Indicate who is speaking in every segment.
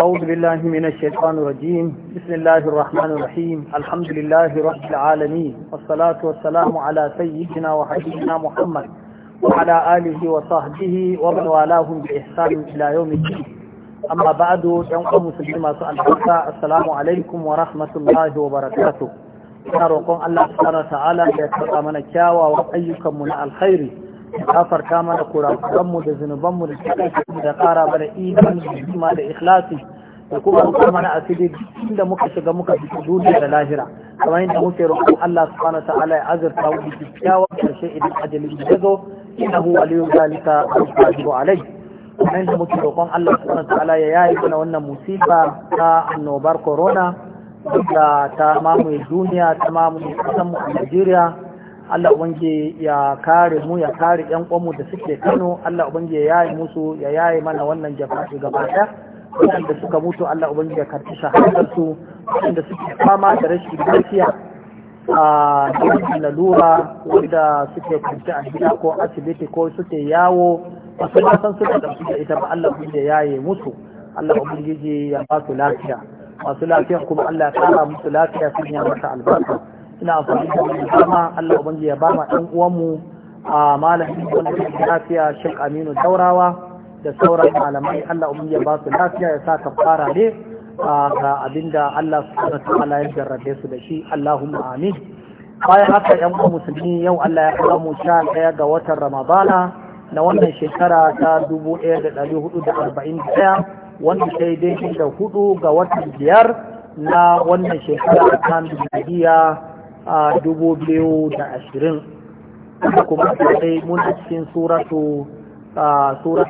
Speaker 1: أعوذ بالله من الشيطان الرجيم بسم الله الرحمن الرحيم الحمد لله رب العالمين والصلاة والسلام على سيدنا وحبيبنا محمد وعلى آله وصحبه ومن والاهم بإحسان إلى يوم الدين أما بعد يوم مسلمة السلام عليكم ورحمة الله وبركاته ina roƙon Allah subhanahu wataala ya karɓa mana kyawawan ayyukanmu na alkhairi ta mana kurakuranmu da zunubanmu da cikin da kara mana imani da hikima da ikhlasi da kuma kuma mana asiri inda muka shiga muka fito duniya da lahira kamar yadda muke roƙon Allah subhanahu wa ta'ala ya azurta wa kyakkyawa karshe idan ajali ya zo innahu waliyyu zalika alqadiru alai kamar yadda muke roƙon Allah subhanahu wa ta'ala ya yayi mana wannan musiba ta annobar corona da ta mamaye duniya ta mamaye kasan mu a Najeriya Allah ubangi ya kare mu ya kare yan ƙwamu da suke Kano Allah ubangi ya yaye musu ya yaye mana wannan jafa'i gaba ɗaya waɗanda suka mutu Allah ubangi ya karɓi shahadar su waɗanda suke fama da rashin lafiya a da lalura wanda suke kwanci a gida ko asibiti ko suke yawo ba su san suka ɗauki da ita ba Allah ubangi ya yaye musu Allah ubangiji ya ba su lafiya masu lafiya kuma Allah ya kara musu lafiya sun yi masa albarka ina amfani da wani dama Allah ubangi ya bama ɗan uwanmu a malamin wanda ke lafiya Sheikh Aminu Daurawa da sauran malamai Allah ubangi ya ba su lafiya ya sa fara ne ga abinda Allah subhanahu wa ta'ala ya jarrabe su da shi Allahumma amin bayan haka ƴan uwa musulmi yau Allah ya kawo mu sha ɗaya ga watan Ramadana na wannan shekara ta dubu ɗaya da ɗari hudu da arba'in da ɗaya wanda sai dai da hudu ga watan biyar na wannan shekara ta miliyan a dubu biyu da ashirin kuma sai muna cikin suratu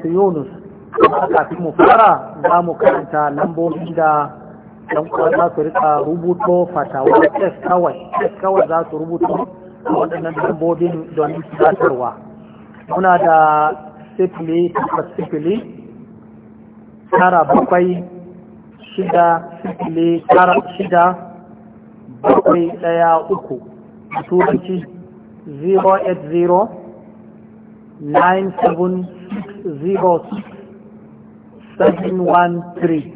Speaker 1: yunus a kafin mu fara za mu karanta lambobin da dan kuwa za su rika rubuto fatawa test kawai test kawai za su rubuto waɗannan lambobin don satarwa muna da sifili ta sifili tara bakwai shida sifili tara shida bakwai ɗaya uku a turanci 080 9706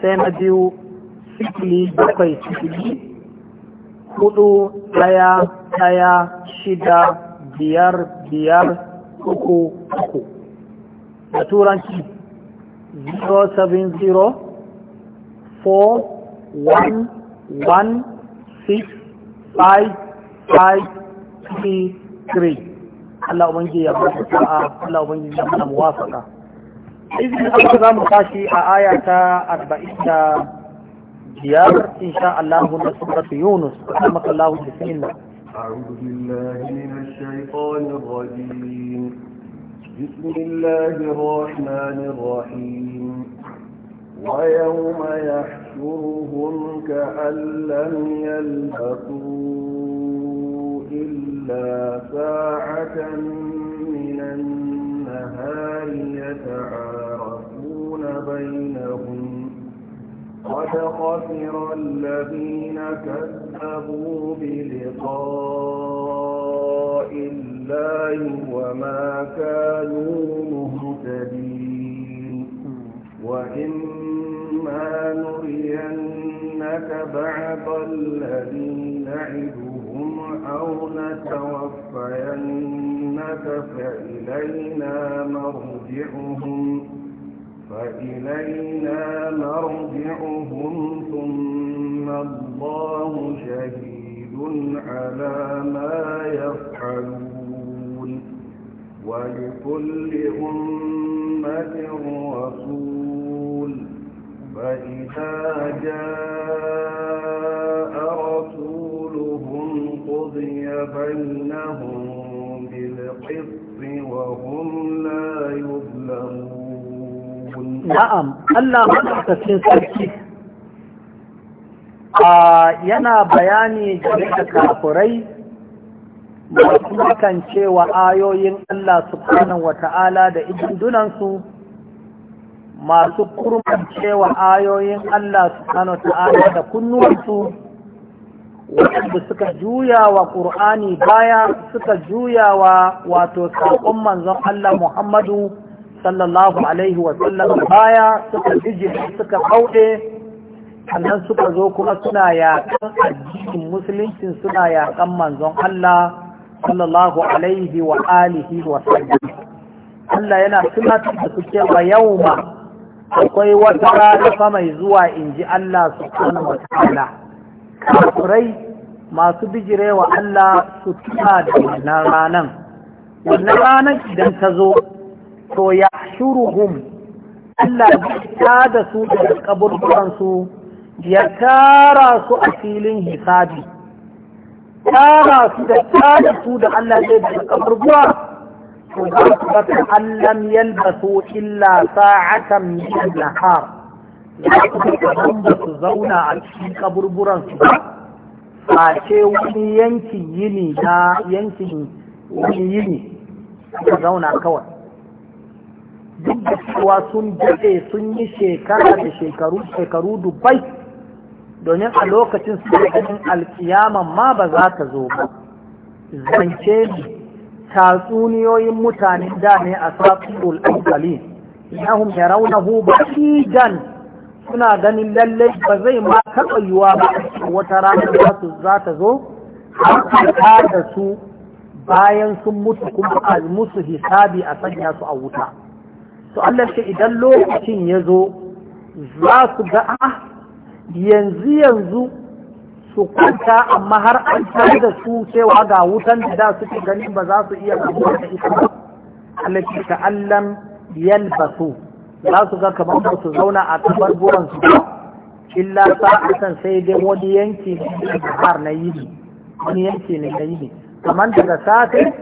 Speaker 1: sai na biyu sikili bakwai sikili hudu ɗaya ɗaya shida biyar biyar uku uku da turanci 070 4 1 one six five five three Allah ubangiji ya ba sa'a Allah ubangiji ya mana muwafaka izinin aka zamu mu tashi a aya ta arba'in da biyar insha Allah na suratu Yunus
Speaker 2: rahmaka Allah bismillah أعوذ بالله من الشيطان الرجيم بسم الله الرحمن الرحيم ويوم يحشرهم كأن لم يلبثوا إلا ساعة من النهار يتعارفون بينهم قد خسر الذين كذبوا بلقاء الله وما كانوا مهتدين وإن لك بعض الذي نعدهم أو نتوفينك فإلينا مرجعهم فإلينا مرجعهم ثم الله شهيد على ما يفعلون ولكل أمة رسول فإذا جاء رسولهم قضي بينهم بالقسط وهم لا يظلمون نعم الله مدعكتين سركي
Speaker 1: yana bayani game da kafurai da kan cewa ayoyin Allah subhanahu wata'ala da idundunansu masu cewa ayoyin Allah subhanahu ta'ala da kunnuwarsu waɗanda suka juya wa ƙur'ani baya suka juya wa wato saƙon manzon Allah Muhammadu sallallahu alaihi wasallam baya suka jiji suka kauɗe sannan suka zo kuma suna yaƙan addinin musulunci suna yaƙan manzon Allah sallallahu alaihi wa alihi wa Allah yana tunatar da su cewa ma. akwai wata rana mai zuwa in ji Allah subhanahu wa ta'ala kafirai masu bijire wa Allah su tuna da wannan ranan wannan ranan idan ta zo to ya shuruhum Allah ta da su daga kaburburansu ya tara su a filin hisabi tara su da tara su da Allah zai daga kaburbura تبصرة أن لم يلبثوا إلا ساعة من النهار
Speaker 2: يقولون
Speaker 1: بسزونا أكشي قبر برانسي فاشي وني ينكي يني نا ينكي وني يني سزونا كوي duk da cewa sun daɗe sun yi shekara da shekaru shekaru dubbai, domin a lokacin su da ganin ma ba za ta zo ba zance ne tatsuniyoyin mutane da ne a safirul aikali ba shi gan suna ganin lalle ba zai ma taɓa yiwa ba wata rana za su ta zo har da su bayan sun mutu kuma a musu hisabi a sanya su a wuta to Allah ce idan lokacin ya zo za su ga ah yanzu yanzu su kwanta amma har an tare da su cewa ga wutan da da suke ganin ba za su iya kamuwa da ita ba allati ta'allam yalbasu za su ga kamar ba su zauna a kamar buran su illa sa'atan sai dai wani yanki ne har na yini wani yanki ne na yini kamar daga safe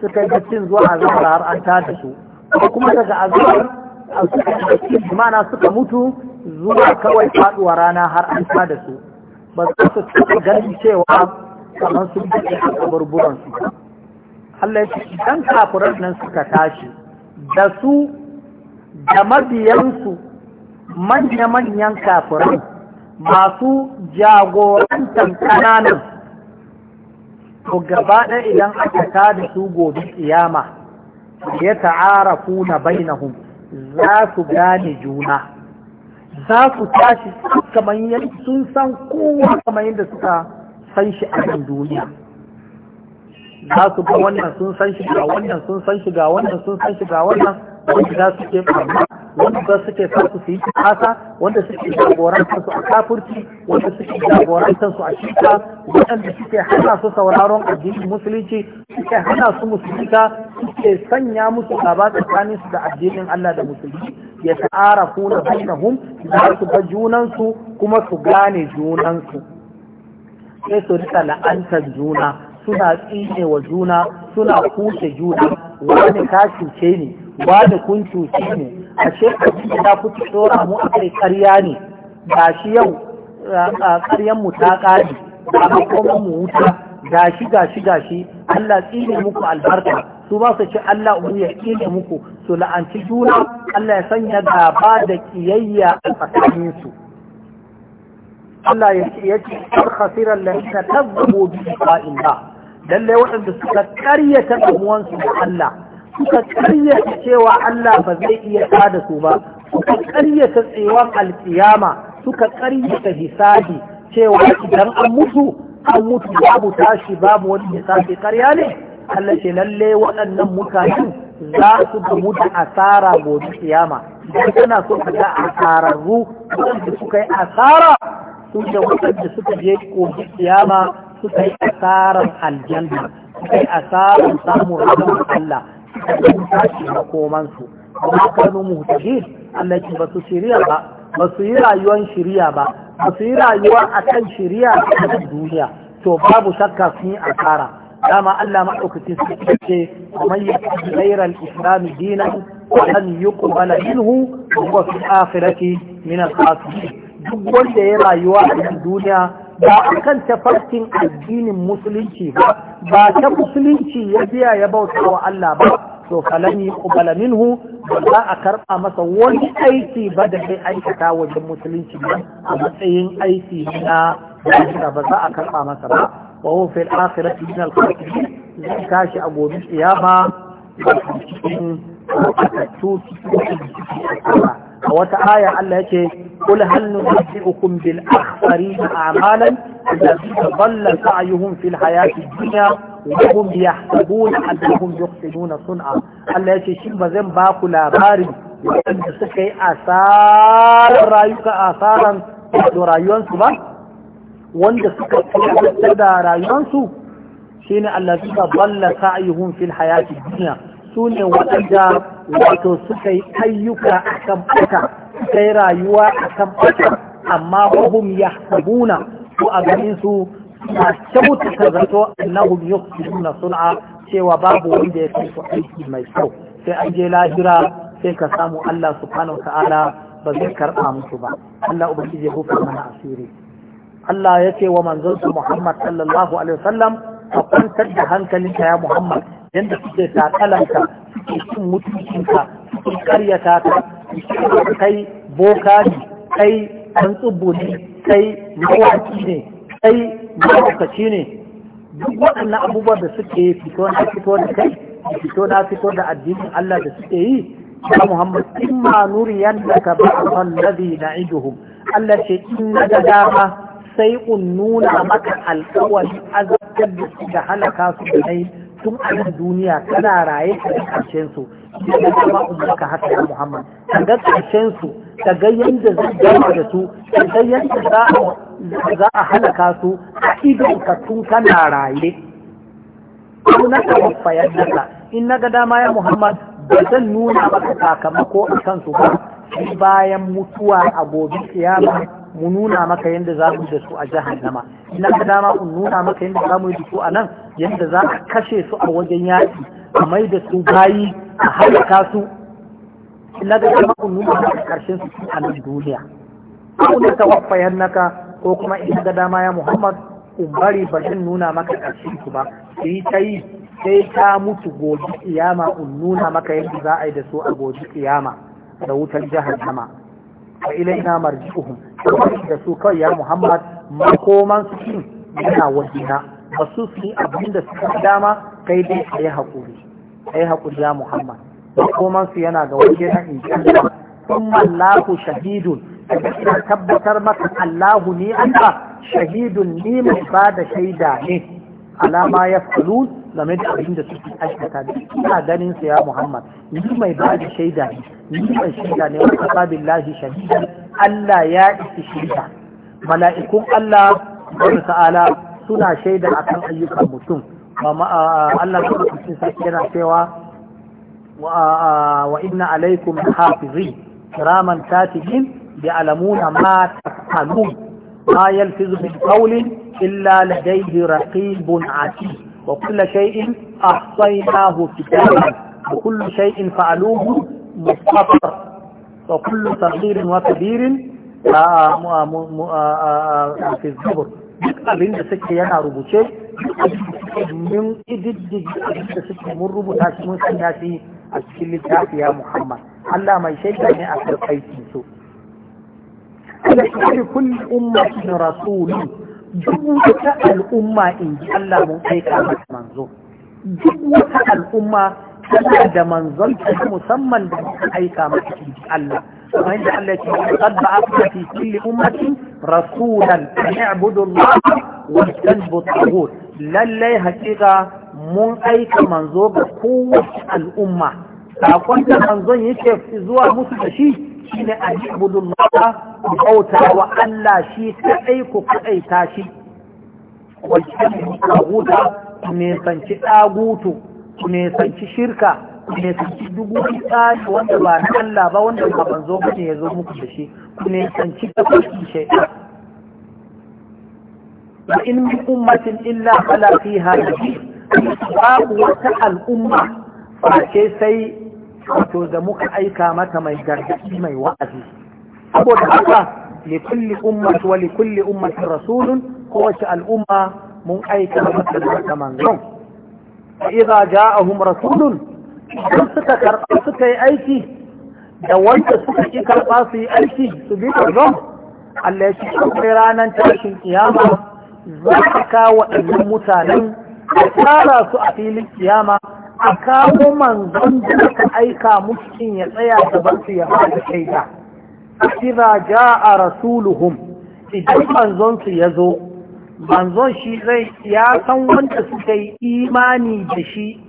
Speaker 1: suka yi cin zuwa a zuwa har an tada su kuma daga azhar a suka yi suka mutu zuwa kawai faduwa rana har an tada su ba za su gani cewa kamar sun buɗe a kaburburan su Allah ya ce idan kafiran nan suka tashi da su da mabiyansu manya-manyan kafuran, masu jagorantar kananan to gaba ɗaya idan aka tada su gobe kiyama ya ta'arafu na bainahum za su gane juna za su tashi kamar yadda sun san kowa kamar yadda suka san shi a kan duniya za su ga wannan sun san shi ga wannan sun san shi ga wannan sun san shi ga wannan wanda za su ke wanda ba su ke su yi kasa wanda suke jagorantar su a kafurci wanda suke jagorantar su a shika waɗanda suke hana su sauraron addinin musulunci suke hana su musulunta suke sanya musu gaba tsakanin su da addinin Allah da musulunci ya ta'ara kuna bainahum za su ga junansu kuma su gane junansu sai su rika la'antar juna suna tsine juna suna kushe juna wani ka ce ne ba da kun cuce ne a shekaru da ku ci tsora mu a kai karya ne ga shi yau karyan mu ta ƙari ba ga kuma mu wuta ga shi ga shi ga shi Allah tsine muku albarka su ba su ci Allah umu ya tsine muku su la'anci juna Allah ya sanya gaba da kiyayya a su. Allah ya ce kar khasirar lalita ta zubo bi ba'in ba lallai waɗanda suka karyata ɗan uwansu da Allah suka karyata cewa Allah ba zai iya tada su ba suka karyata tsewar alƙiyama suka karyata hisabi cewa idan an mutu an mutu babu tashi babu wani hisabi karya ne Allah ce lalle waɗannan mutanen za su gamu da asara gobe tsiyama. idan kana so ka ga asararru waɗanda suka yi asara su da waɗanda suka je gobe tsiyama suka yi asarar aljanna suka yi asarar samun rahama Allah tashi makomansu amma kanu muhtadin Allah ce ba su shirya ba ba su yi rayuwar shirya ba ba su yi rayuwa akan shirya a duniya to babu shakka sun yi asara dama Allah maɗaukacin su ce kamar yi tsairar islami dinan ولن يقبل منه وهو في الآخرة من الخاسرين duk wanda ya rayuwa a cikin duniya ba a kan tafarkin addinin musulunci ba ba ta musulunci ya biya ya bauta wa Allah ba to falan yuqbala minhu ba za a karɓa masa wani aiki ba da zai aikata wajen musulunci ba a matsayin aiki na da ba za a karɓa masa ba wa huwa fil akhirati min al zai tashi a gobe kiyama cikin akatu cikin a wata aya Allah yake kul hal nunabbi'ukum bil akhsarin a'malan alladhina dhalla sa'yuhum fil hayati dunya wa hum yahsabuna annahum yuhsinuna sun'a Allah yake shin ba zan ba ku labari wanda suka yi asarar rayuka asaran wato rayuwansu ba wanda suka tsada rayuwansu shine allazina dhalla sa'yuhum fil hayati dunya su ne waɗanda wato suka yi ayyuka a kan ɓata suka yi rayuwa a kan ɓata amma wahum ya sabuna su a ganin su na kyautata zato annahum yuqsiduna sun'a cewa babu wanda ya kai aiki mai kyau sai an je lahira sai ka samu Allah subhanahu ta'ala ba zai karɓa musu ba Allah ubangiji ya mana asiri Allah ya ce wa manzon Muhammad sallallahu alaihi wasallam ka kwantar da hankalinka ya Muhammad yadda suke takalanka suke cin mutuncinka suke karyata ta kai boka ne kai ɗan tsubbo ne kai mawaki ne kai mawakaci ne duk waɗannan abubuwan da suke fito na fito da kai fito na fito da addinin Allah da suke yi ya Muhammad in ma nuri yadda ka ba a kan ladhi na iduhum Allah ce in na ga dama sai un nuna maka alƙawari azabtar da halaka su da nai tun a yin duniya kana raye ka ga su da kuma ka haka ya Muhammad ka ga karshen su ka ga yanda zai gama da su ka ga yanda za a halaka su a idon ka tun kana raye ko na ka fayan ka in na ga dama ya Muhammad ba zan nuna maka sakamako a kansu ba bayan mutuwa a gobe kiyama mu nuna maka yadda za mu da su a jahannama ina ka dama mu nuna maka yadda za mu yi da su a nan yadda za a kashe su a wajen yaki a mai da su bayi a halaka su ina ka dama mu nuna maka karshen su a nan duniya ko ne wafa naka ko kuma ina ka dama ya Muhammad in bari ba zan nuna maka karshen su ba sai ta yi sai ta mutu gobe kiyama in nuna maka yadda za a yi da su a gobe kiyama da wutar jahannama wa ilaina marji'uhum da su kawai ya Muhammad makoman su yana wajina ba su yi abin da suka dama kai dai a yi haƙuri a yi haƙuri ya Muhammad makoman su yana ga wajina in ji ثم الله ina tabbatar maka Allahu ni Allah shahidun ni mai ba da shaida ne على ما يفعلون لم يدع عند الحج مثلا لا دليل يا محمد ني ما يبعد شيء ده ني ما شيء ده ني وقفا بالله شديدا الله يا استشهد ملائكه الله سبحانه وتعالى سنا شيدا عن ايوب المتوم وما الله سبحانه وتعالى كان سوا وان عليكم حافظين كراما كاتبين يعلمون ما تفعلون ما يلفظ من قول إلا لديه رقيب عتيد وكل شيء أحصيناه كتابا وكل شيء فعلوه مستطر وكل صغير وكبير آه، آه، آه، في الزبر بين سكة ينا ربوشي من إدد بين سكة من ربوشي من سنياتي أشكل يا محمد ألا ما يشيك أن أكل قيس نسو كل أمة رسول duk wata al'umma in ji Allah mun kai kama da manzo duk wata al'umma tana da manzon ta musamman da ta aika mata in ji Allah kamar yadda Allah ya ce qad ba'athna fi kulli ummatin rasulan an ya'budu Allah wa yajtanibu at lallai hakika mun aika manzo ga kowace al'umma sakon da manzon yake zuwa musu da shi shi ne a yi abudun mata ku bauta wa Allah shi kaɗai ku kaɗaita shi wajen yi huta? ku nesanci ɗagutu ku nesanci shirka ku nesanci dubu tsari wanda ba na Allah ba wanda ba ban ba ne ya zo muku da shi ku nesanci ta kwaki wa in min ummatin illa ala fiha babu wata al'umma face sai wato da muka aika mata mai gargaɗi mai wa'azi saboda haka li kulli ummati wa kulli ummatin rasulun kowace al'umma mun aika mata da manzon fa ja'ahum rasulun idan suka karɓa suka yi aiki da wanda suka ki karɓa su yi aiki su bi manzon Allah ya ci ranar tashin kiyama za ka kawo waɗannan mutanen a tara su a filin kiyama a kawo manzon da aka aika mutum ya tsaya gaban su ya fara shaida ja a rasuluhum idan manzon su ya zo manzon shi zai ya san wanda suka yi imani da shi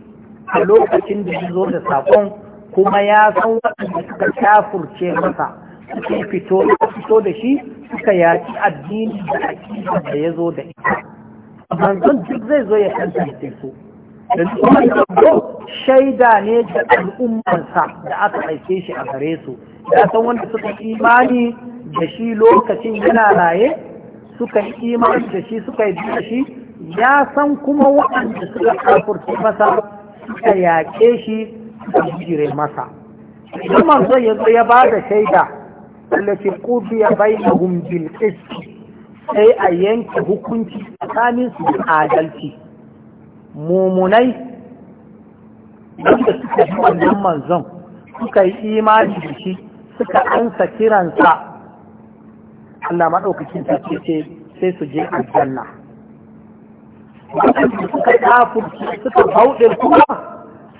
Speaker 1: a lokacin da ya zo da sakon kuma ya san wanda suka kafurce masa suka fito fito da shi suka yaki addini da aƙida da ya zo da ita manzon duk zai zo ya da su shaida ne da al'ummansa da aka aike shi a gare su ya san wanda suka imani da shi lokacin yana raye suka yi imani da shi suka yi da shi ya san kuma waɗanda suka kafurta masa suka yaƙe shi da jire masa idan manzon ya zo ya ba da shaida allafi bai da bil qist sai a yanke hukunci tsakanin su adalci mumunai wanda suka yi wannan manzon suka yi imani da shi suka ansa kiransa Allah maɗaukakin ta ce sai su je aljanna waɗanda suka kafurci suka bauɗe kuma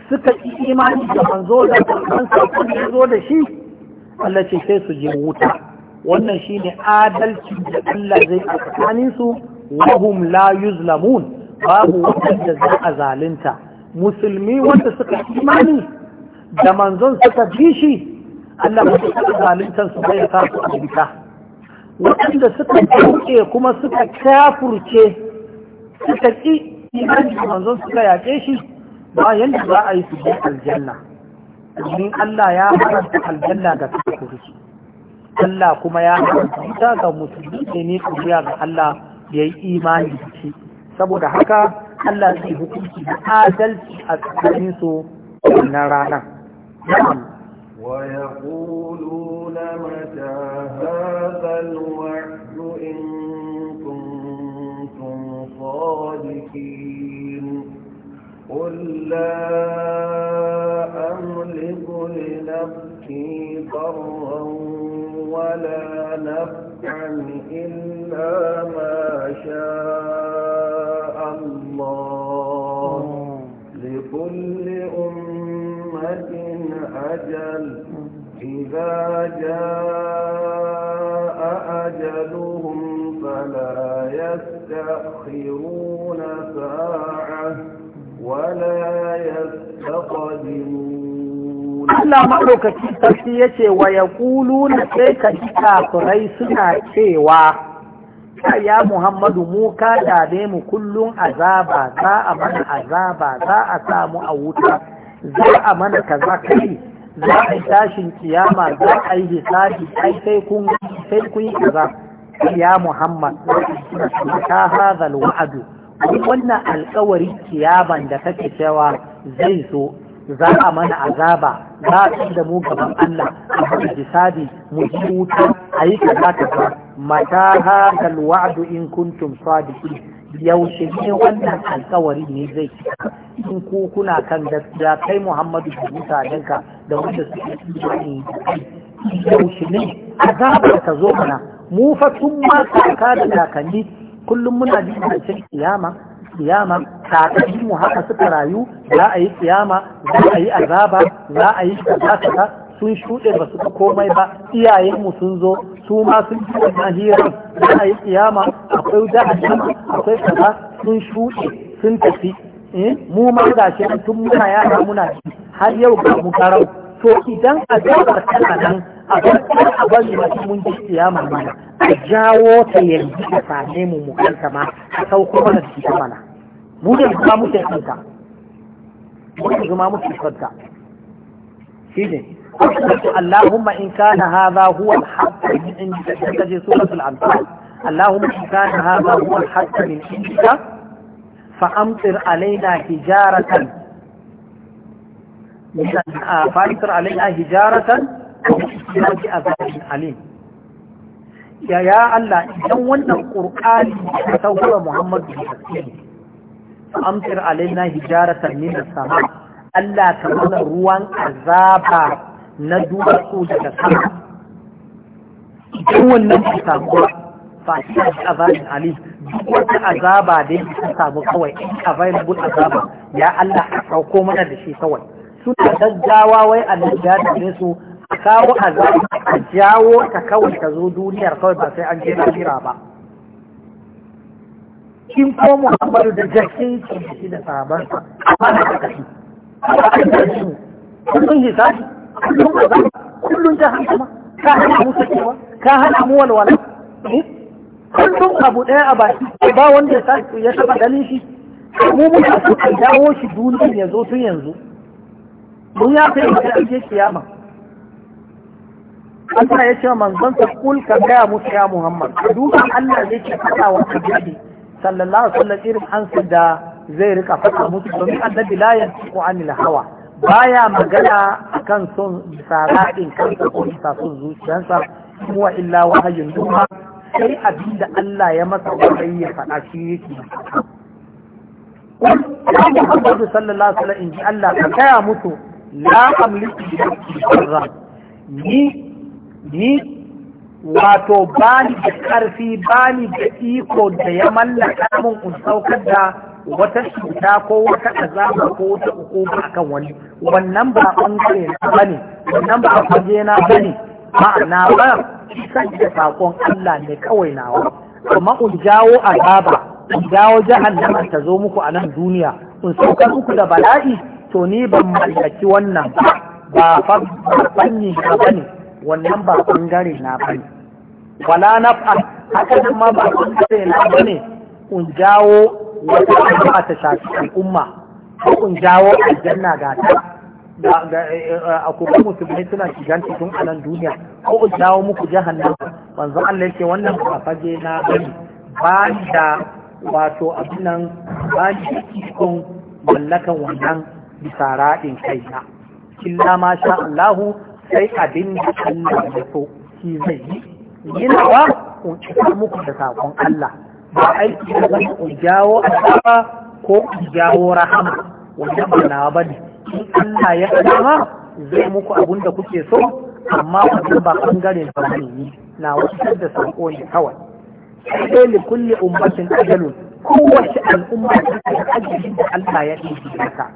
Speaker 1: suka yi imani da manzo da kan sakon da zo da shi Allah ce sai su je wuta wannan shi ne adalci da Allah zai a tsakaninsu wahum la yuzlamun babu wanda za a zalunta musulmi wanda suka imani da manzon suka bi Allah ba su zaluntar su bai sa su abinta waɗanda suka kauce kuma suka kafurce suka ƙi imani da manzon suka yaƙe shi ba yanda za a yi su bi aljanna domin Allah ya haramta aljanna ga kafurci Allah kuma ya haramta ga musulmi ne ne ga Allah ya yi imani da shi saboda haka Allah zai hukunci da adalci a tsakanin su na rana
Speaker 2: ويقولون متى هذا الوعد إن كنتم صادقين قل لا أملك لنفسي ضرا ولا نفعا إلا ما شاء الله لكل أمة أجل إذا جاء أجلهم فلا يستأخرون ساعة ولا يستقدمون
Speaker 1: الله مألوك كيف تشيئة ويقولون كيف تشيئة كريسنا كيف ya muhammadu mu ka dame mu kullum azaba za a mana azaba za a samu a wuta za a mana kaza kai za a tashin kiyama za a yi hisabi ai sai kun sai kun kaza ya muhammad ka hadha alwa'd wannan alƙawari kiyaban da kake cewa zai zo za a mana azaba za a ci da mu gaban Allah a haɗa hisabi mu ji wuta a yi kaza kaza mata haka wa'adu in kuntum sadiqi yaushe ne wannan alkawari ne zai in ku kuna kan gaskiya kai Muhammadu da mutanenka da wanda suke imani yaushe ne azaba ta zo mana mu fa tun ma kaka da kakanni kullum muna jin kiyama kiyama kakanni mu haka suka rayu za a yi kiyama za a yi azaba za a yi kaza sun shuɗe ba su komai ba iyayenmu sun zo su ma sun ji na hira, za a yi kiyama akwai wuta a akwai kaza sun shuɗe sun tafi eh, mu ma ga shi tun muna yara muna har yau ga mu garau to idan a azabar tana nan a ga a bari masu mun ji kiyama mana a jawo ta yanzu ta same mu mu kanta ma a sauko mana ta mana mutum zama mutum kanka mutum zama mutum kanka shi ne asalatu allahumma in kana hadha huwa al-haqq min indika sai kaje surat al-anfal allahumma in kana hadha huwa al-haqq min indika fa amtir alaina hijaratan ah, fa amtir alaina hijaratan sai azabin alim ya ya Allah idan wannan qur'ani ta tauhura muhammadu sallallahu amtir alaina hijaratan min sama Allah ta mana ruwan azaba na duwatsu daga sama idan wannan bai samu ba fa ina azabin ali duk wata azaba da yake ta samu kawai in available azaba ya Allah a sauko mana da shi kawai suna gaggawa wai a najiyar da su a kawo azaba a jawo ta kawai ta zo duniyar kawai ba sai an je lafira ba kin ko Muhammadu da jakin ki shi da sahaban amma da kashi kullun hisabi kullun azab kullun jahannama ka hana mu sakewa ka hana mu walwala eh? kullun abu daya a baki ba wanda ya sa ya taba ganin shi mu muna so a dawo shi duniyar ya zo tun yanzu mun ya kai da ake kiyama Allah ya ce manzon ta, kul ka gaya musu ya Muhammad duba Allah zai ce kada wa kajabi sallallahu alaihi wasallam irin an da zai rika faɗa musu domin annabi la yantiqu anil hawa baya magana akan son saraɗin kansa ko bisa son zuciyarsa huwa illa wahayin duha sai abin da Allah ya masa wahayi ya faɗa shi yake kuma Muhammadu sallallahu alaihi wasallam in ji Allah ka gaya musu la amliku bi nafsi ni ni wato bani da ƙarfi bani da iko da ya mallaka mun in saukar da wata cuta ko wata azaba ko wata hukuma akan wani wannan ba bangare na bane wannan ba bangare na bane ma'ana ba san da sakon Allah ne kawai nawa kuma in jawo azaba in jawo jahannama ta zo muku a nan duniya in saukar muku da bala'i to ni ban mallaki wannan ba ba fanni ba bane wannan ba bangare na bane wala na naf'a haka nan ma ba kasa yana na ne kun jawo wata al'umma ta shafi al'umma ko kun jawo aljanna ga ta eh, a kuma musulmi suna shigan cikin anan duniya ko kun jawo muku jahannan wanzu Allah yake wannan ba fage na bari ba da wato abin nan ba da cikin mallakan wannan bisa raɗin kai na illa ma sha Allahu sai abin da Allah ya so shi zai yi yana ba in cika muku da sakon Allah ba aiki da zan in jawo asaba ko in jawo rahama wannan ba na ba ne in Allah ya dama zai muku abin da kuke so amma wannan ba ɓangaren ba ne na wasu da saƙo ne kawai sai li kulli ummatin ajalun kowace al'umma ta da ajalin da Allah ya ɗauki maka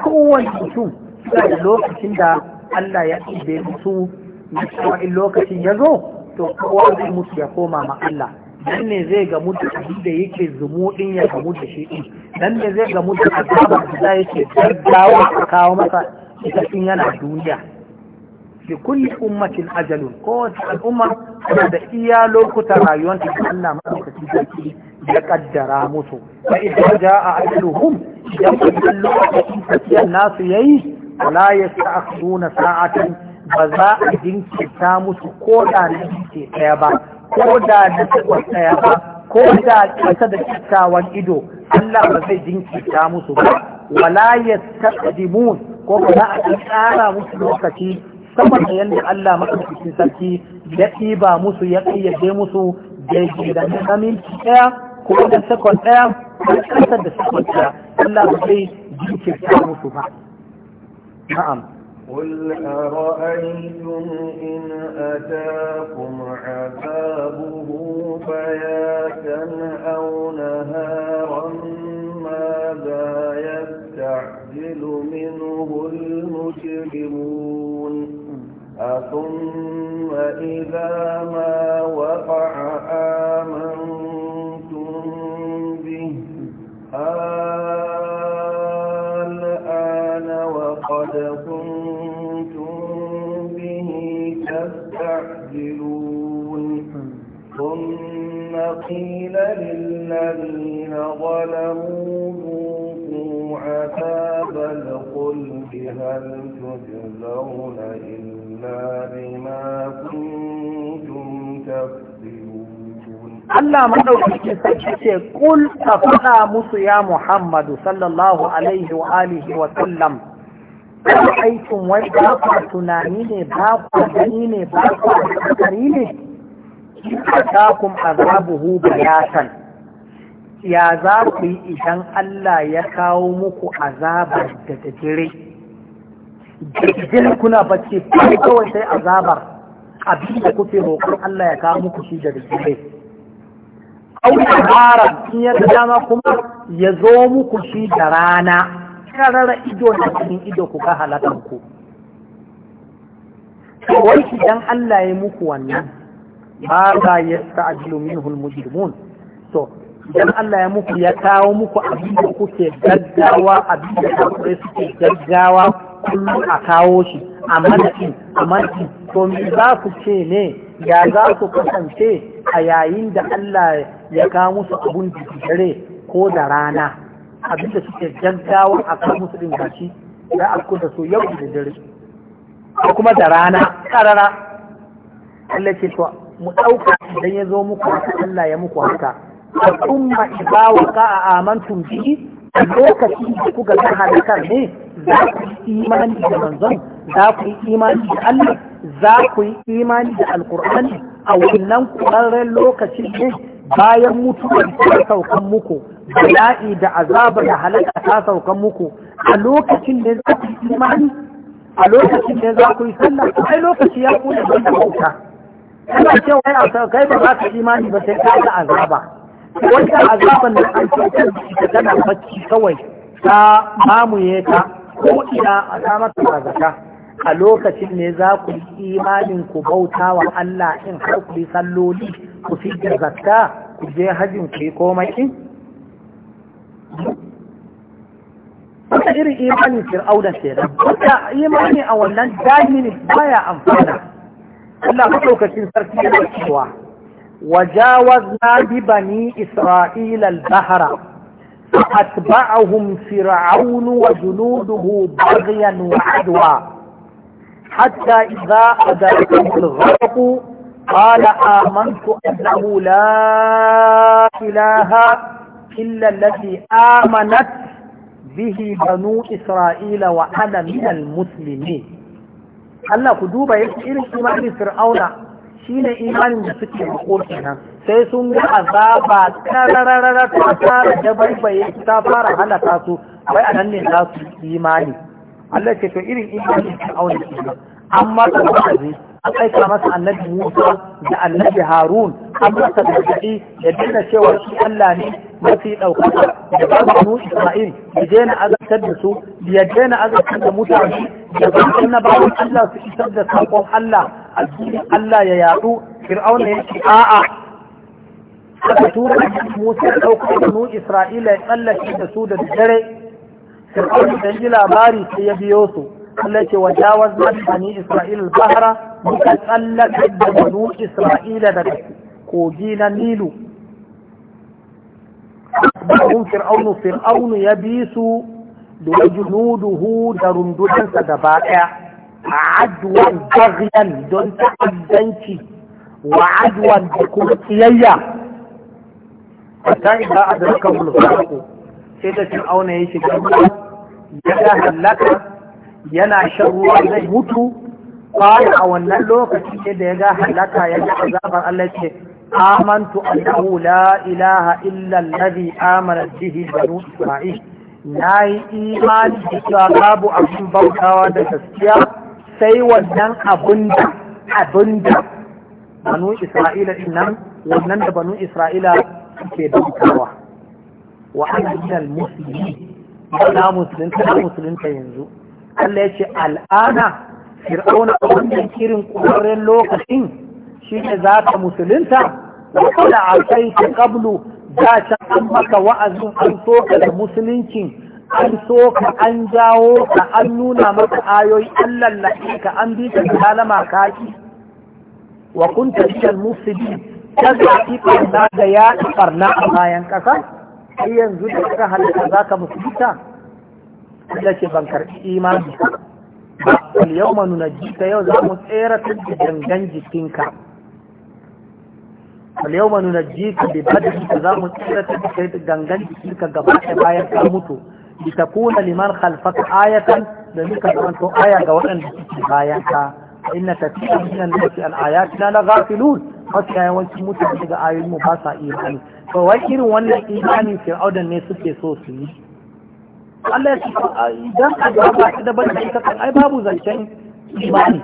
Speaker 1: kowace mutum da lokacin da Allah ya ɗauke su musamman lokacin ya zo to kowa zai mutu ya koma ma Allah nan ne zai ga mutu da yake zumuɗin ya gamu da shi din dan ne zai mutu mutu gaba da yake gaggawa a kawo masa ita in yana duniya fi kulli ummatin ajalun kowace al'umma tana da iya lokutan rayuwanta da Allah madaukakin sarki ya kaddara musu fa idza jaa ajaluhum
Speaker 2: yaqulu lokacin tafiyar
Speaker 1: nasu yayi wala yasta'khiruna sa'atan ba za a jinkirta musu ko da na ɗaya ba ko da na ɗaya ba ko da kasa da kyakkyawan ido Allah ba zai jinkirta musu ba wala yastaqdimun ko ba za a ɗan tsara musu lokaci sama da yadda Allah maɗaukakin sarki ya ɗiba musu ya ƙayyade musu daidai da na minti ɗaya ko da sakon ɗaya ko ƙasa da sakon ɗaya Allah ba zai jinkirta musu ba na'am
Speaker 2: قل أرأيتم إن أتاكم عذابه بياتا أو نهارا ماذا يستعجل منه المجرمون أثم إذا ما وقع آه قيل للذين ظلموا ذوقوا عذاب الخلد هل تجزون إلا بما كنتم تكسبون الله ما نوكي
Speaker 1: قل تفنى موسى يا محمد صلى الله عليه وآله وسلم aikin wanda ba tunani ne ba ku gani ne ba ku ne atakum azabuhu bayatan ya za ku yi idan Allah ya kawo muku azabar da dare jirgin kuna bacci kai kawai sai azabar abin da kuke roƙon Allah ya kawo muku shi da dare au nahara in ya dama kuma ya zo muku shi da rana rara ido da cikin ido ku ka halakan ku wai idan Allah ya muku wannan haka yasta'jilu minhu al-mujrimun to idan Allah ya muku ya kawo muku abin da kuke gaggawa abin da kuke suke gaggawa kullum a kawo shi a madadin a madadin to me za ku ce ne ya za ku kasance a yayin da Allah ya kawo musu abun da dare ko da rana abin da suke gaggawa a kan musu din gashi za a da so yau da dare kuma da rana karara Allah ce to mu ɗauka idan ya zo muku haka Allah ya muku haka fa umma idza waqa amantum a lokaci da kuka ga halakar ne za ku yi imani da manzon za ku yi imani da Allah za ku yi imani da alqur'ani a wannan ƙwararren lokacin ne bayan mutuwar ta saukan muku bala'i da azabar da halaka ta saukan muku a lokacin ne za ku yi imani a lokacin ne za ku yi sallah a lokaci ya kuna da wuta. ana cewa yana sa kai ba za ka imani ba sai ka ga azaba wanda azaban da an ce kan ta tana bacci kawai ta mamuye ta ko ina a samar da zakka a lokacin ne za ku yi imanin ku bauta wa Allah in har ku yi salloli ku fi da zakka ku je hajjin ku yi komai in wata irin imanin fir'aunan ke da wata imani a wannan dalilin baya amfana Allah maɗaukacin sarki yana cewa وجاوزنا ببني إسرائيل البحر فأتبعهم فرعون وجنوده بغيا وعدوى حتى إذا أدركه الغرق
Speaker 2: قال آمنت
Speaker 1: أنه لا إله إلا الذي آمنت به بنو إسرائيل وأنا من المسلمين Allah ku duba yake irin imanin fir'auna shine imanin da suke mako nan sai sun ga azaba tarararara ta fara da baibaye ta fara halaka su wai a nan ne za su imani Allah ce to irin imanin fir'auna kenan amma ta wa'azi an aika masa annabi Musa da annabi Harun an ta da da dinna cewa shi Allah ne mafi ɗaukaka da ba su Isra'il ya daina azabtar da su ya daina azabtar da mutane da bakin na bawan Allah su isar da sakon Allah addinin Allah ya yadu Fir'auna ya ce a'a aka tura Musa ya ɗauko banu Isra'ila ya tsallake da su da dare Fir'auna da ji labari sai ya biyo su Allah ce wajawaz na bani Isra'ila bahara muka tsallake da banu Isra'ila daga kogi na Nilu babun fir'aunu fir'aunu ya bi su da wa junuduhu da rundunansa gaba daya a adwan jaghiyan don ta'addanci wa adwan da kuma kiyayya a ta ida a dalakan sai da fir'auna ya shiga ruwa ya ga halaka yana shan ruwa zai mutu kawai a wannan lokacin da ya ga halaka ya ga azabar Allah ce آمنت أنه لا إله إلا الذي آمنت به بنو na yi imani da cewa babu abin bautawa da gaskiya sai wannan abin da abin da banu isra'ila nan da banu isra'ila suke bautawa na musulunta yanzu Allah ya ce fir'auna a irin ƙwararren lokacin shi ne za ka musulunta wanda a kai ta kablu da ta an maka wa'azin an soka da musulunci an soka an jawo ka an nuna maka ayoyi an lallaki ka an bi ka kalama kaki wa kunta cikin musulmi ta zaɓi ɓarna da ya ɓarna a bayan kasa? sai yanzu da ka halitta za ka musulunta da ce ban karɓi imani ba wal yau jika yau za mu tsere da gangan jikinka فاليوم ننجيك ببدنك ذا مسيرة gangan jikinka gaba ɗaya bayan ka mutu litakuna liman khalfaka ayatan da muka zamanto aya ga waɗanda suke bayan ka inna kathira min an-nasi an ayatina la ghafilun wasu yawancin mutane ga ayoyin mu wai irin wannan ne suke so su yi Allah ya ce idan a gaba da bane kan ai babu zancen imani